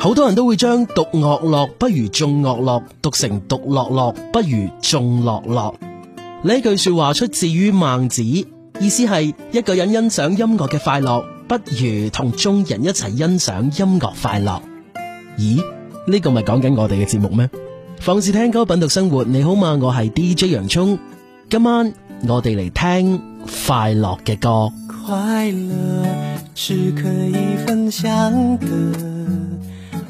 好多人都會將獨樂樂不如眾樂樂讀成獨樂樂不如眾樂樂，呢句說話出自於孟子，意思係一個人欣賞音樂嘅快樂，不如同眾人一齊欣賞音樂快樂。咦？呢、這個咪講緊我哋嘅節目咩？放肆聽歌品讀生活，你好嗎？我係 DJ 洋蔥，今晚我哋嚟聽快樂嘅歌。快樂是可以分享的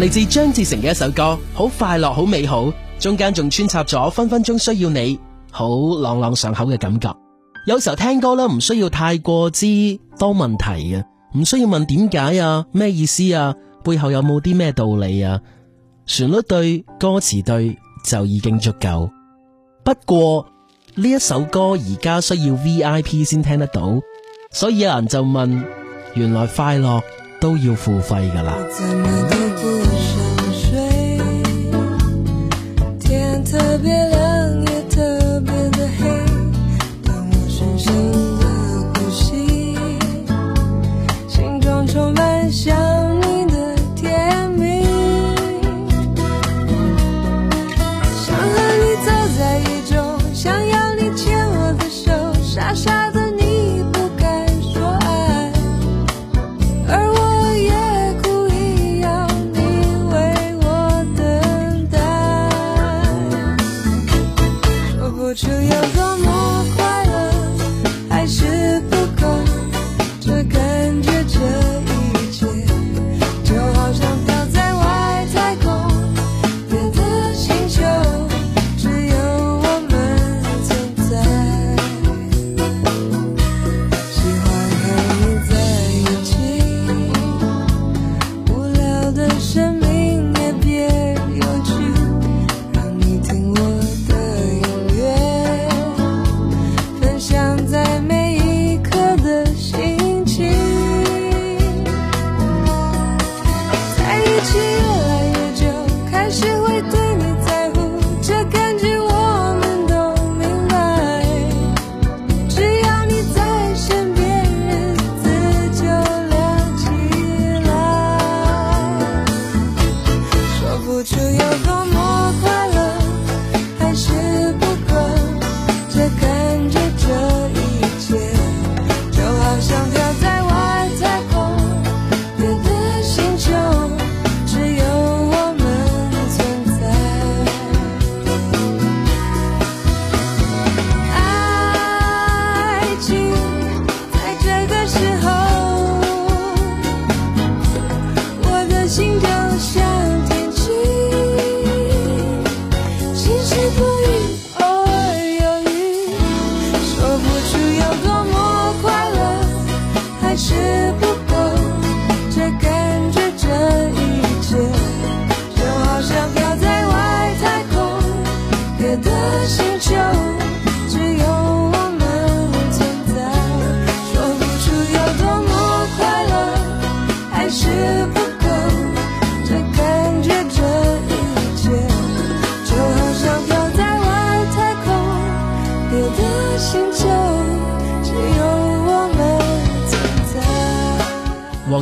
嚟自張智成嘅一首歌，好快樂，好美好，中間仲穿插咗分分鐘需要你，好朗朗上口嘅感覺。有時候聽歌咧，唔需要太過之多問題嘅，唔需要問點解啊，咩意思啊，背後有冇啲咩道理啊，旋律對，歌詞對就已經足夠。不過呢一首歌而家需要 VIP 先聽得到，所以有人就問：原來快樂都要付費噶啦。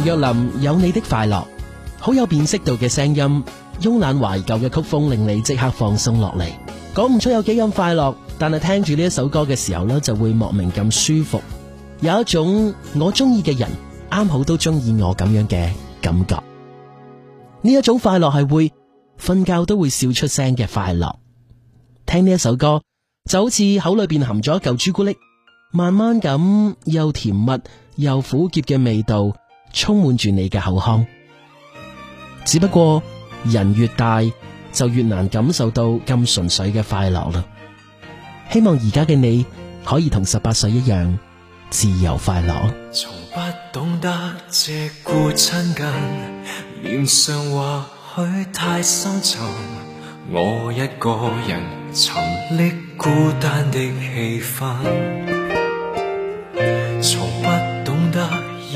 若林有你的快樂，好有辨識度嘅聲音，慵懶懷舊嘅曲風令你即刻放鬆落嚟。講唔出有幾咁快樂，但係聽住呢一首歌嘅時候咧，就會莫名咁舒服，有一種我中意嘅人啱好都中意我咁樣嘅感覺。呢一種快樂係會瞓覺都會笑出聲嘅快樂。聽呢一首歌就好似口裏邊含咗一嚿朱古力，慢慢咁又甜蜜又苦澀嘅味道。充滿住你嘅口腔，只不過人越大就越難感受到咁純粹嘅快樂啦。希望而家嘅你可以同十八歲一樣自由快樂。從不懂得借故親近，面上或許太深沉。我一個人沉溺孤單的氣氛。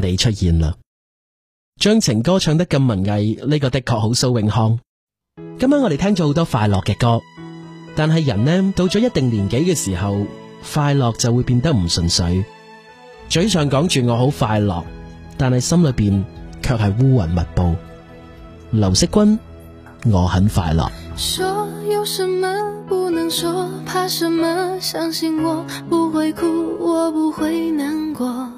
你出現啦，張情歌唱得咁文藝，呢個的確好蘇永康。今晚我哋聽咗好多快樂嘅歌，但係人呢，到咗一定年紀嘅時候，快樂就會變得唔純粹。嘴上講住我好快樂，但係心裏邊卻係烏雲密布。劉惜君，我很快樂。說有什麼不能說，怕什麼相信我，不會哭，我不會難過。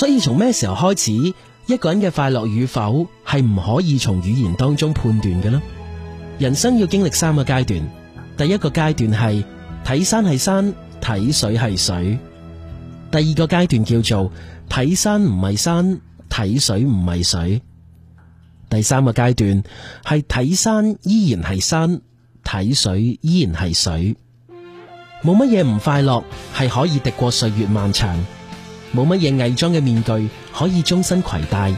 所以從咩時候開始，一個人嘅快樂與否係唔可以從語言當中判斷嘅。人生要經歷三個階段，第一個階段係睇山係山，睇水係水；第二個階段叫做睇山唔係山，睇水唔係水；第三個階段係睇山依然係山，睇水依然係水。冇乜嘢唔快樂係可以敵過歲月漫長。冇乜嘢偽裝嘅面具可以終身攜帶，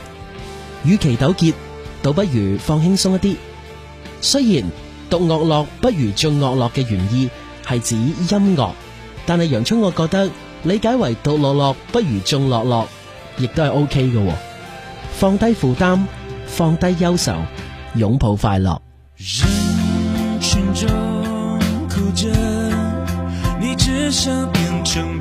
與其糾結，倒不如放輕鬆一啲。雖然獨樂樂不如眾樂樂嘅原意係指音樂，但係楊聰我覺得理解為獨樂樂不如眾樂樂，亦都係 OK 嘅。放低負擔，放低憂愁，擁抱快樂。人群中哭着你只想變成